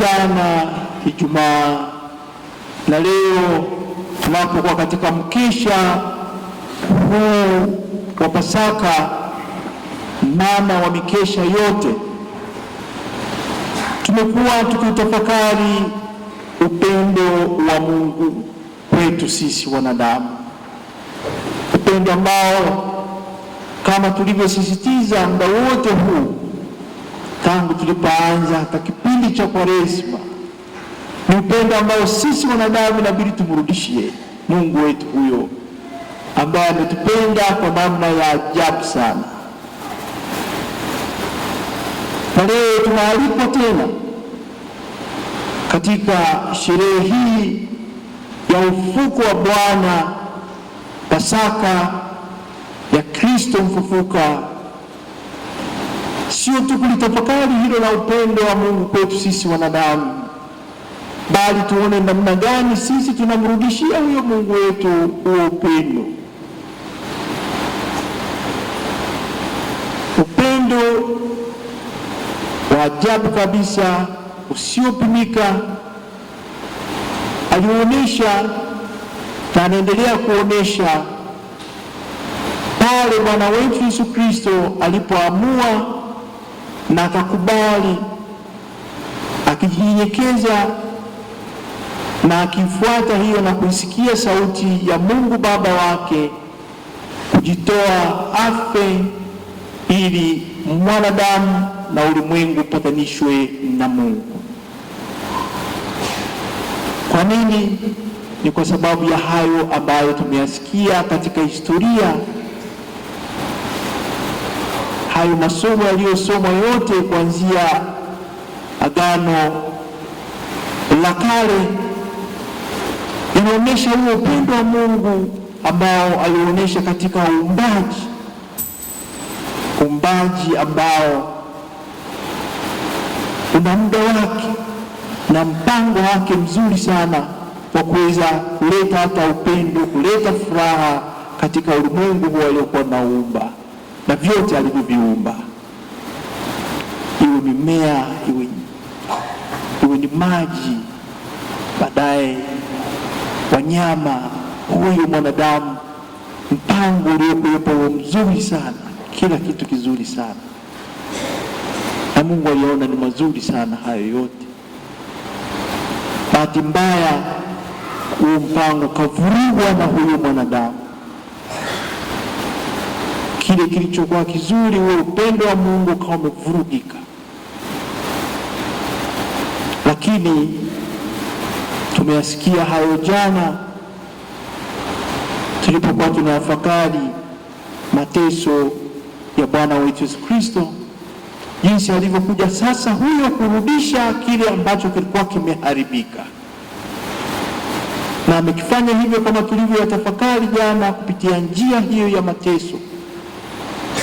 jana Ijumaa na leo tunapokuwa katika mkesha huu wa Pasaka, mama wa mikesha yote, tumekuwa tukitafakari upendo wa Mungu kwetu sisi wanadamu, upendo ambao kama tulivyosisitiza muda wote huu tangu tulipoanza hata kipindi cha Kwaresma ni upendo ambao sisi wanadamu inabidi tumrudishie Mungu wetu huyo ambaye ametupenda kwa namna ya ajabu sana. Na leo tunaalikwa tena katika sherehe hii ya ufufuko wa Bwana, Pasaka ya Kristo mfufuka sio tu kulitafakari hilo la upendo wa Mungu kwetu sisi wanadamu, bali tuone namna gani sisi tunamrudishia huyo Mungu wetu huo upendo. Upendo wa ajabu kabisa usiopimika alionyesha na anaendelea kuonyesha pale Bwana wetu Yesu Kristo alipoamua na akakubali akijinyenyekeza na akifuata hiyo na kuisikia sauti ya Mungu Baba wake kujitoa afe ili mwanadamu na ulimwengu upatanishwe na Mungu. Kwa nini? Ni kwa sababu ya hayo ambayo tumeyasikia katika historia hayo masomo yaliyosomwa yote kuanzia Agano la Kale inaonyesha huo upendo wa Mungu ambao alionyesha katika uumbaji, uumbaji ambao una muda wake na mpango wake mzuri sana wa kuweza kuleta hata upendo, kuleta furaha katika ulimwengu huo aliokuwa naumba na vyote alivyoviumba, iwe mimea, iwe, iwe ni maji, baadaye wanyama, huyu mwanadamu, mpango uliokuwepo mzuri sana, kila kitu kizuri sana, na Mungu aliona ni mazuri sana hayo yote. Bahati mbaya, huo mpango kavurugwa na huyu mwanadamu kile kilichokuwa kizuri, huo upendo wa Mungu ukawa umevurugika. Lakini tumeyasikia hayo jana tulipokuwa tunayafakari mateso ya Bwana wetu Yesu Kristo, jinsi alivyokuja sasa huyo kurudisha kile ambacho kilikuwa kimeharibika, na amekifanya hivyo kama tulivyoyatafakari jana, kupitia njia hiyo ya mateso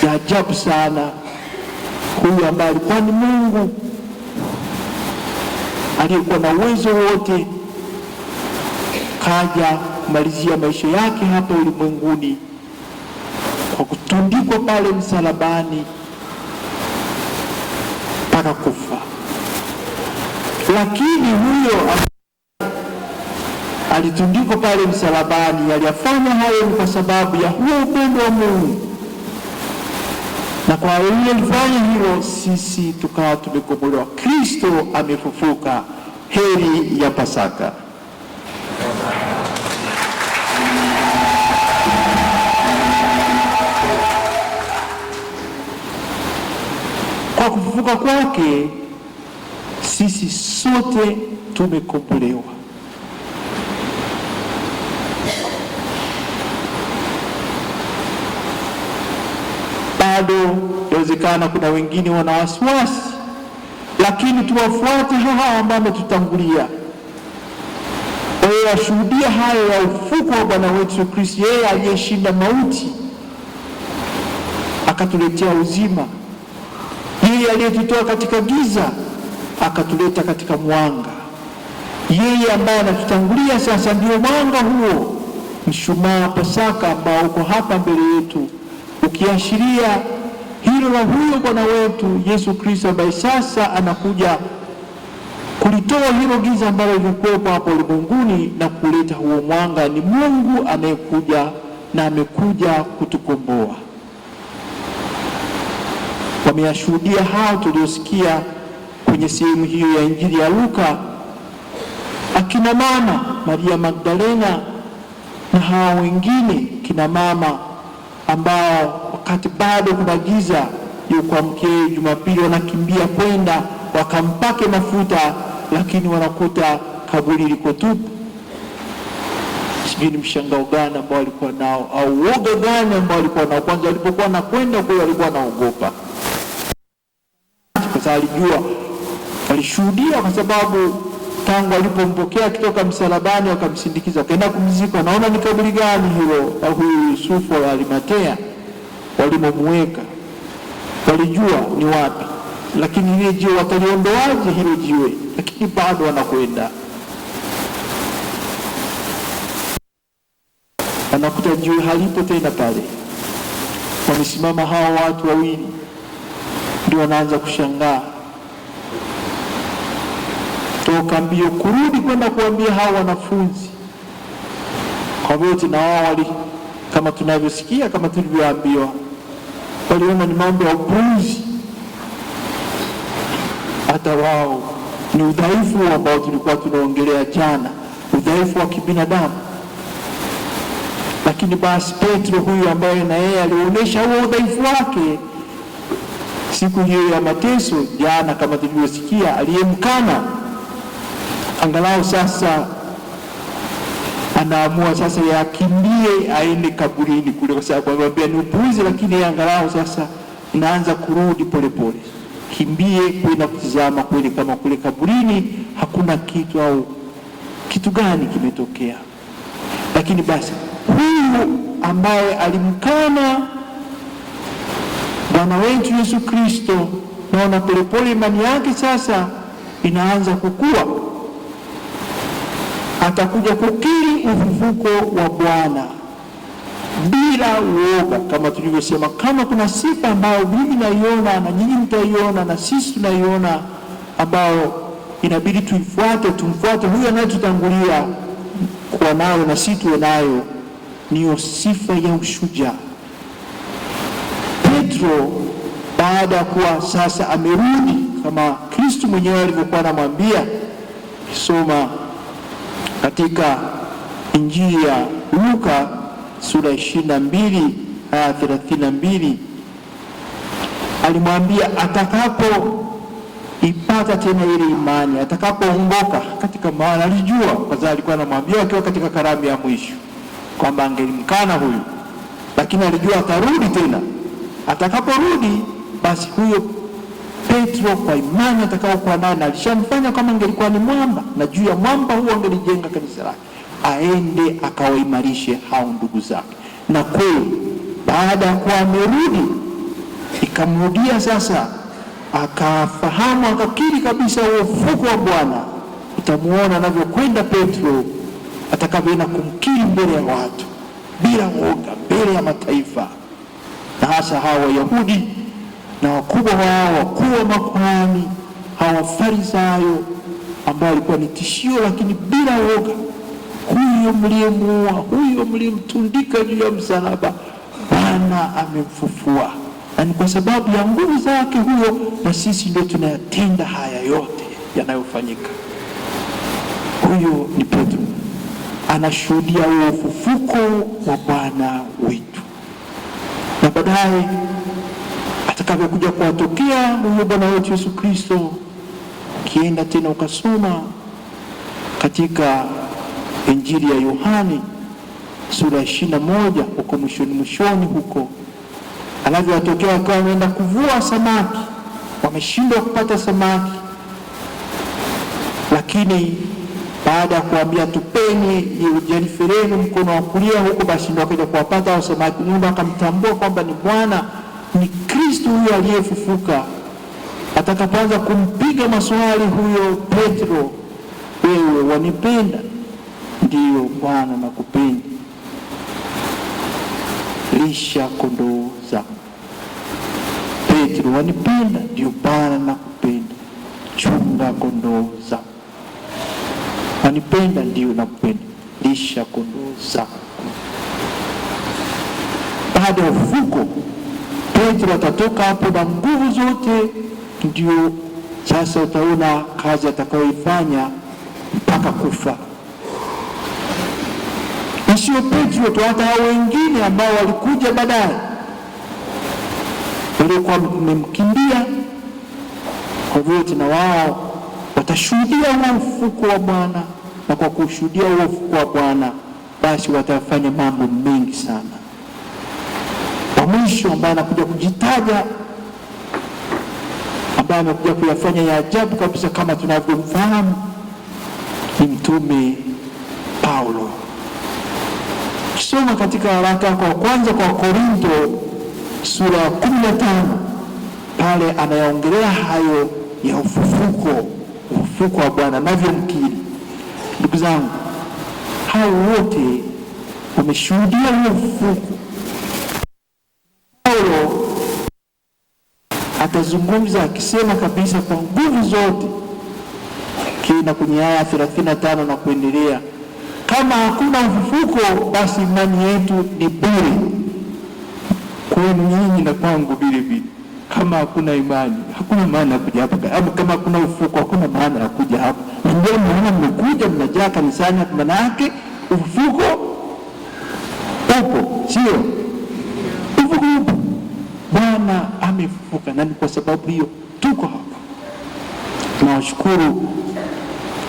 za ajabu sana huyu ambaye alikuwa ni Mungu aliyekuwa na uwezo wote, kaja kumalizia maisha yake hapa ulimwenguni kwa kutundikwa pale msalabani mpaka kufa. Lakini huyo alitundikwa pale msalabani, aliyafanya hayo ni kwa sababu ya huo upendo wa Mungu na kwa aliyefanya hilo sisi tukawa tumekombolewa. Kristo amefufuka. Heri ya Pasaka. Kwa kufufuka kwake sisi sote tumekombolewa. bado inawezekana kuna wengine wana wasiwasi, lakini tuwafuate hawa ambao wametutangulia. Kwa hiyo washuhudia hayo ya ufuko wa Bwana wetu Kristo, yeye aliyeshinda mauti akatuletea uzima, yeye aliyetutoa katika giza akatuleta katika mwanga, yeye ambaye anatutangulia sasa ndio mwanga huo, mshumaa Pasaka ambao uko hapa mbele yetu ukiashiria hilo la huyo Bwana wetu Yesu Kristo ambaye sasa anakuja kulitoa hilo giza ambalo lilikuwepo hapa ulimwenguni na kuleta huo mwanga. Ni Mungu anayekuja na amekuja kutukomboa. Wameyashuhudia hao tuliosikia kwenye sehemu hiyo ya Injili ya Luka, akina mama Maria Magdalena na hawa wengine kina mama ambao wakati bado kuna giza yuko Jumapili wanakimbia kwenda wakampake mafuta, lakini wanakuta kaburi liko tupu. Sijui ni mshangao gani ambao walikuwa nao au uoga gani ambao walikuwa nao. Kwanza alipokuwa nakwenda kule alikuwa wanaogopa, kwa sababu alijua, walishuhudia, kwa sababu tangu alipompokea kutoka msalabani wakamsindikiza wakaenda kumzika. Naona ni kaburi gani hilo la huyu Yusufu wa Arimatea walimomuweka, walijua ni wapi, lakini ile jiwe wataliondoaje hilo jiwe? Lakini bado wanakwenda wanakuta jiwe halipo tena pale. Wamesimama hao watu wawili, ndio wanaanza kushangaa wameondoka mbio kurudi kwenda kuambia hao wanafunzi. Kwa vyote na wao wali, kama tunavyosikia, kama tulivyoambiwa, waliona ni mambo ya upuuzi, hata wao ni udhaifu ambao tulikuwa tunaongelea jana, udhaifu wa kibinadamu. Lakini basi Petro huyu ambaye na yeye alionyesha huo udhaifu wake siku hiyo ya mateso jana, kama tulivyosikia, aliyemkana angalau sasa anaamua sasa yakimbie aende kaburini kule, kwa sababu amwambia ni upuuzi, lakini angalau sasa inaanza kurudi polepole. Kimbie kwenda kutizama kweli kama kule kaburini hakuna kitu au kitu gani kimetokea. Lakini basi huyu ambaye alimkana Bwana wetu Yesu Kristo, naona polepole imani yake sasa inaanza kukua atakuja kukiri ufufuko wa Bwana bila uoga, kama tulivyosema. Kama kuna sifa ambayo mimi naiona na nyinyi mtaiona na sisi tunaiona, ambayo inabidi tuifuate, tumfuate huyo anayetutangulia kuwa nayo na sisi tuwe nayo, niyo sifa ya ushujaa. Petro baada ya kuwa sasa amerudi kama Kristo mwenyewe alivyokuwa anamwambia, kisoma katika Injili ya Luka sura 22 aya 32, alimwambia atakapoipata tena ile imani, atakapoongoka katika maana, alijua kwa sababu alikuwa anamwambia akiwa katika karamu ya mwisho kwamba angelimkana huyu, lakini alijua atarudi tena. Atakaporudi basi huyo Petro kwa imani atakayokuwa nayo, na alishamfanya kama angelikuwa ni mwamba, na juu ya mwamba huo angelijenga kanisa lake, aende akawaimarishe hao ndugu zake. Na kweli baada ya kuwa amerudi, ikamrudia sasa, akafahamu akakiri kabisa uofuko wa Bwana. Utamuona anavyokwenda Petro atakavyoenda kumkiri mbele ya watu bila woga, mbele ya mataifa na hasa hawa Wayahudi na wakubwa wao, wakuu wa makuhani, hawa Farisayo ambao walikuwa ni tishio, lakini bila woga. Huyo mliyemuua, huyo mliyemtundika juu ya msalaba, Bwana amemfufua, na ni kwa sababu ya nguvu zake huyo, na sisi ndio tunayatenda haya yote yanayofanyika. Huyo ni Petro anashuhudia huo ufufuko wa Bwana wetu, na baadaye atakavyokuja kuwatokea huyo Bwana wetu Yesu Kristo. Ukienda tena ukasoma katika Injili ya Yohani sura ishirini na moja huko mwishoni mwishoni huko anavyowatokea wakawa wameenda kuvua samaki, wameshindwa kupata samaki, lakini baada ya kuambia tupeni Jerusalemu mkono wa kulia huko, basi ndio akaja kuwapata hao samaki. Mungu akamtambua kwamba ni Bwana ni Kristo huyo aliyefufuka atakapoanza kumpiga maswali huyo Petro, wewe wanipenda? Ndiyo Bwana, nakupenda. Lisha kondoo zangu. Petro, wanipenda? Ndiyo Bwana, nakupenda. Chunga kondoo zangu. Wanipenda? Ndiyo, nakupenda. Lisha kondoo zangu. Baada ya ufuko Petro atatoka hapo na nguvu zote, ndio sasa utaona kazi atakayoifanya mpaka kufa. Sio Petro tu, hata hao wengine ambao walikuja baadaye waliokuwa wamemkimbia, kwa vyote na wao watashuhudia huo ufufuko wa Bwana, na kwa kushuhudia huo ufufuko wa Bwana basi watafanya mambo mengi sana mwisho ambaye anakuja kujitaja, ambaye anakuja kuyafanya ya ajabu kabisa kama tunavyomfahamu ni Mtume Paulo. Kisoma katika waraka kwa kwanza kwa Korinto sura ya kumi na tano pale anayaongelea hayo ya ufufuko, ufufuko wa Bwana. Navyo mkili ndugu zangu, hao wote wameshuhudia huo ufufuko Paulo atazungumza akisema kabisa kwa nguvu zote, kina kwenye aya 35 na kuendelea, kama hakuna ufufuko, basi imani yetu ni bure kwenu nyinyi na kwangu vile vile. Kama hakuna imani, hakuna maana ya kuja hapa. Kama hakuna ufufuko, hakuna maana ya kuja hapa. Ndio maana mmekuja, mnajaa kanisani, maana yake ufufuko upo, sio? Bwana amefufuka, na ni kwa sababu hiyo tuko hapa. Tunawashukuru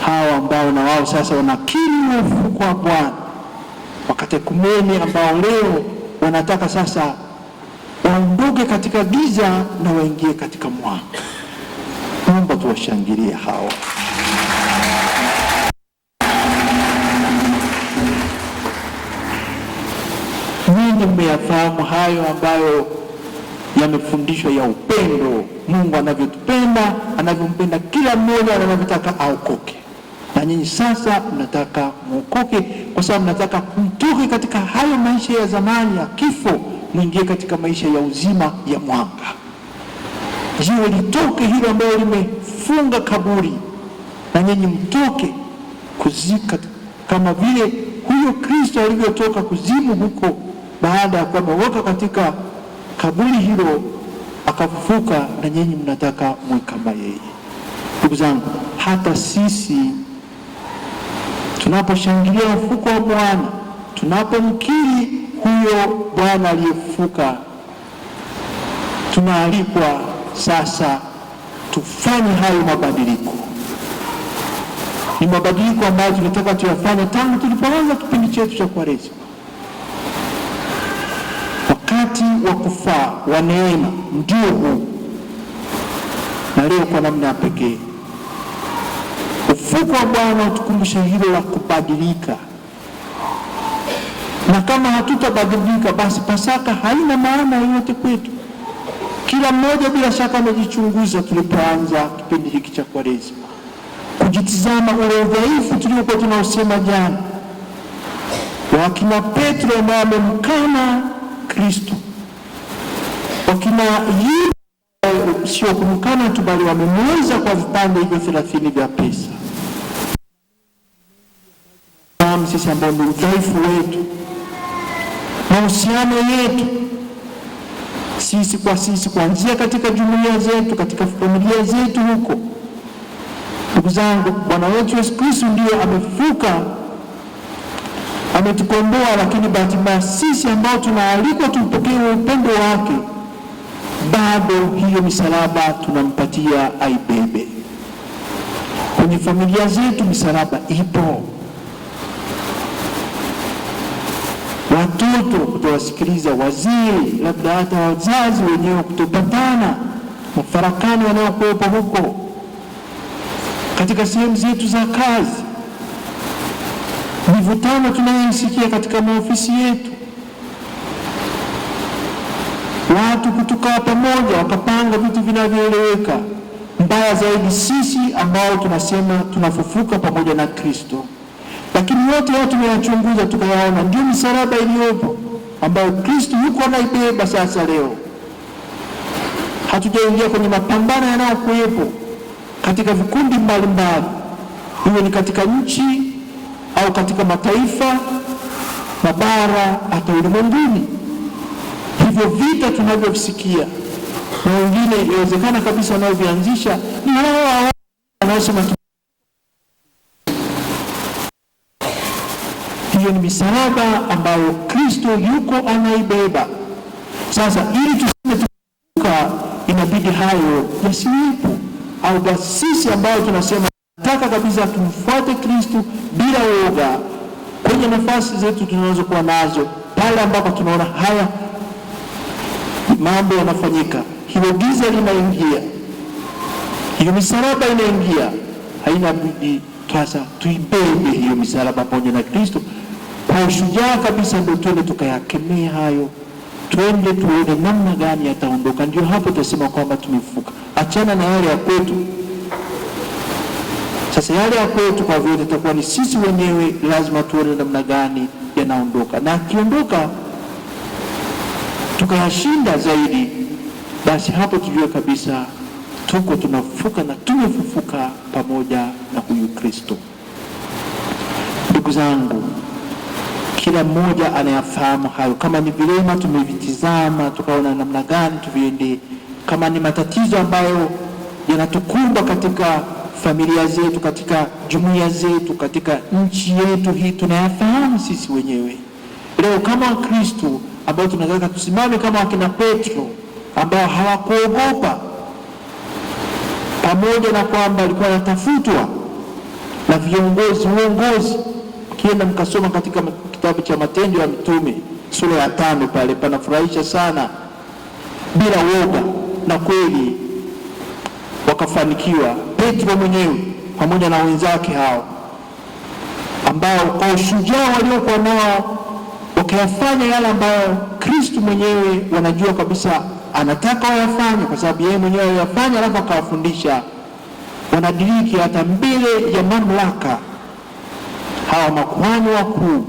hawa ambao na wao sasa wanakiri na ufufuko wa Bwana, kumeni ambao leo wanataka sasa waondoke katika giza na waingie katika mwanga. Naomba tuwashangilie hawa. Nyinyi mmeyafahamu hayo ambayo yamefundishwa ya upendo, Mungu anavyotupenda, anavyompenda kila mmoja na anavyotaka aokoke. Na nyinyi sasa mnataka mwokoke, kwa sababu mnataka mtoke katika hayo maisha ya zamani ya kifo, mwingie katika maisha ya uzima ya mwanga. Jiwe litoke hilo ambalo limefunga kaburi, na nyinyi mtoke kuzika, kama vile huyo Kristo alivyotoka kuzimu huko baada ya kuwa ameweka katika kaburi hilo akafufuka, na nyinyi mnataka mwe kama yeye. Ndugu zangu, hata sisi tunaposhangilia ufuko wa Bwana, tunapomkiri huyo Bwana aliyefufuka, tunaalikwa sasa tufanye hayo mabadiliko. Ni mabadiliko ambayo tunataka tuyafanye tangu tulipoanza kipindi chetu cha Kwaresima wakati wa kufaa wa neema ndio huu, na leo kwa namna ya pekee ufuko wa Bwana utukumbusha hilo la kubadilika, na kama hatutabadilika basi Pasaka haina maana yoyote kwetu. Kila mmoja bila shaka amejichunguza tulipoanza kipindi hiki cha Kwaresima, kujitizama ule udhaifu tuliokuwa tunaosema jana, wakina Petro ambaye amemkana Kristo. Wakina Yuda sio kumkana tu, bali wamemuuza kwa vipande hivyo thelathini vya pesa. Sisi ambao ni udhaifu wetu, mahusiano yetu sisi kwa sisi, kuanzia katika jumuiya zetu, katika familia zetu huko. Ndugu zangu, Bwana wetu Yesu Kristo ndiye amefuka ametukomboa, lakini bahati mbaya sisi ambao tunaalikwa tumpokee upendo wake, bado hiyo misalaba tunampatia aibebe. Kwenye familia zetu misalaba ipo. Watoto kutowasikiliza wazee, labda hata wazazi wenyewe kutopatana, mafarakano yanayokuwepo huko katika sehemu zetu za kazi mivutano tunayoisikia katika maofisi yetu, watu kutukaa pamoja wakapanga vitu vinavyoeleweka. Mbaya zaidi sisi ambao tunasema tunafufuka pamoja na Kristo, lakini yote hayo tumeyachunguza tukayaona, ndio misalaba iliyopo ambayo Kristo yuko anaibeba sasa leo. Hatujaingia kwenye mapambano yanayokuwepo katika vikundi mbalimbali, hiyo ni katika nchi au katika mataifa, mabara, hata ulimwenguni. Hivyo vita tunavyovisikia na wengine, inawezekana kabisa wanaovianzisha ni wao wanaosema hiyo ni misalaba ambayo Kristo yuko anaibeba. Sasa ili tuseme tuka, inabidi hayo yasiwepo, au basisi sisi ambayo tunasema Nataka kabisa tumfuate Kristu bila woga kwenye nafasi zetu tunazokuwa nazo, pale ambapo tunaona haya mambo yanafanyika, hilo giza linaingia, hiyo misalaba inaingia, haina budi sasa tuibebe hiyo misalaba pamoja na Kristo kwa ushujaa kabisa, ndio tuende tukayakemea hayo, twende tuone namna gani yataondoka. Ndio hapo tutasema kwamba tumefuka, achana na yale ya kwetu. Sasa yale ya kwetu kwa vile itakuwa ni sisi wenyewe, lazima tuone namna gani yanaondoka, na akiondoka tukayashinda zaidi, basi hapo tujue kabisa tuko tunafufuka na tumefufuka pamoja na huyu Kristo. Ndugu zangu, kila mmoja anayafahamu hayo. Kama ni vilema, tumevitizama tukaona namna gani tuviende. Kama ni matatizo ambayo yanatukumba katika familia zetu, katika jumuiya zetu, katika nchi yetu hii, tunayafahamu sisi wenyewe. Leo kama Wakristo ambao tunataka tusimame kama wakina Petro ambao hawakuogopa, pamoja na kwamba alikuwa anatafutwa na viongozi uongozi. Kienda mkasoma katika kitabu cha Matendo ya Mitume sura ya tano, pale panafurahisha sana, bila woga, na kweli wakafanikiwa Petro mwenyewe pamoja na wenzake hao ambao kwa ushujaa waliokuwa nao wakayafanya yale ambayo Kristu mwenyewe wanajua kabisa anataka wayafanye, kwa sababu yeye mwenyewe aliyafanya, alafu akawafundisha. Wanadiriki hata mbele ya mamlaka, hawa makuhani wakuu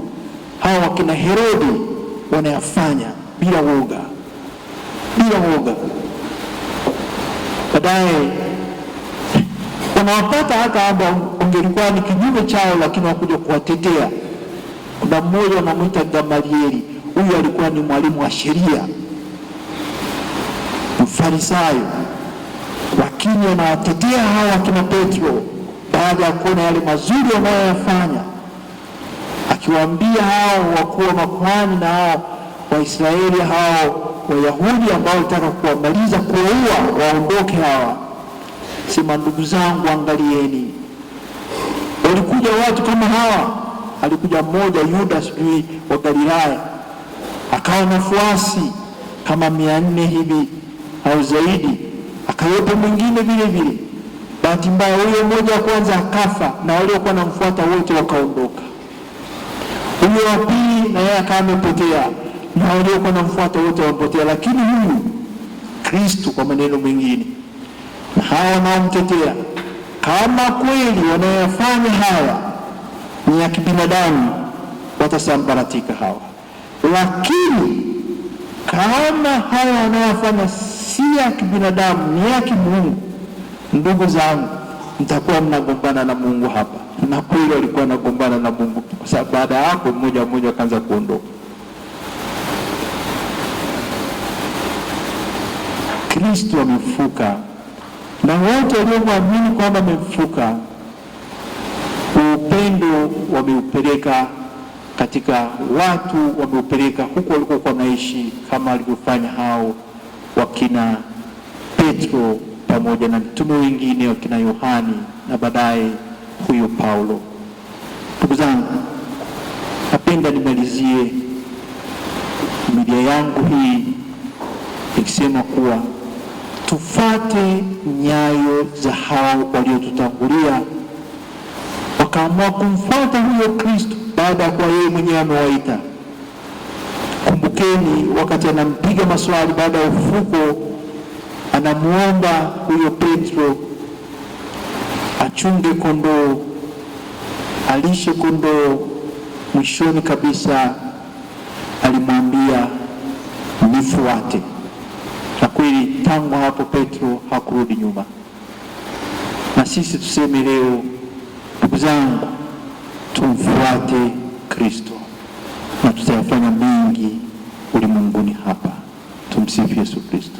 hawa wakina Herodi wanayafanya bila woga, bila woga. Baadaye Ukawapata hata ambao ungelikuwa ni kinyume chao, lakini wakuja kuwatetea. Kuna mmoja anamwita Gamalieli, huyu alikuwa ni mwalimu wa sheria, mfarisayo, lakini anawatetea hawa akina Petro baada ya kuona yale mazuri wanayoyafanya, akiwaambia hao wakuu wa makuhani na hao Waisraeli hao Wayahudi ambao walitaka kuwamaliza kuwaua, waondoke hawa sema, ndugu zangu, angalieni, walikuja watu kama hawa. Alikuja mmoja Yuda, sijui wa Galilaya, akawa na fuasi kama mia nne hivi au zaidi, akawepo mwingine vile vile. Bahati mbaya huyo mmoja wa kwanza akafa na waliokuwa namfuata wote wakaondoka. Huyo wa pili na yeye akawa amepotea na waliokuwa namfuata wote wamepotea, lakini huyu Kristo kwa maneno mengine hawa wanaomtetea, kama kweli wanayofanya hawa ni ya kibinadamu, watasambaratika hawa. Lakini kama hawa wanayofanya si ya kibinadamu, ni ya kimungu, ndugu zangu, mtakuwa mnagombana na Mungu hapa. Na kweli walikuwa wanagombana na Mungu, kwa sababu baada ya hapo mmoja mmoja akaanza kuondoka. Kristo amefufuka na wote waliomwamini kwamba amemfuka, upendo wameupeleka katika watu, wameupeleka huko walikokuwa wanaishi, kama walivyofanya hao wakina Petro pamoja na mitume wengine wakina Yohani na baadaye huyo Paulo. Ndugu zangu, napenda nimalizie midia yangu hii ikisema kuwa tufate nyayo za hao waliotutangulia, wakaamua kumfuata huyo Kristo baada ya kuwa yeye mwenyewe amewaita. Kumbukeni, wakati anampiga maswali baada ya ufuko anamwomba huyo Petro achunge kondoo, alishe kondoo. Mwishoni kabisa alimwambia nifuate. Na kweli tangu hapo Petro hakurudi nyuma. Na sisi tuseme leo, ndugu zangu, tumfuate Kristo na tutayafanya mengi ulimwenguni hapa. Tumsifu Yesu Kristo.